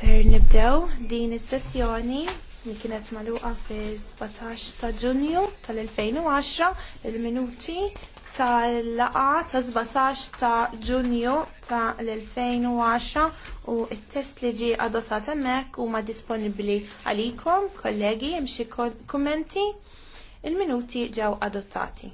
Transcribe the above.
Ser nibdew din is-sessjoni li kienet magħluqa fi 17 ta' Ġunju tal-2010 il-minuti tal laqgħa ta' 17 ta' Ġunju tal-2010 u t test li ġie adottat hemmhekk huma disponibbli għalikom, kollegi, hemm xi kummenti. Il-minuti ġew adottati.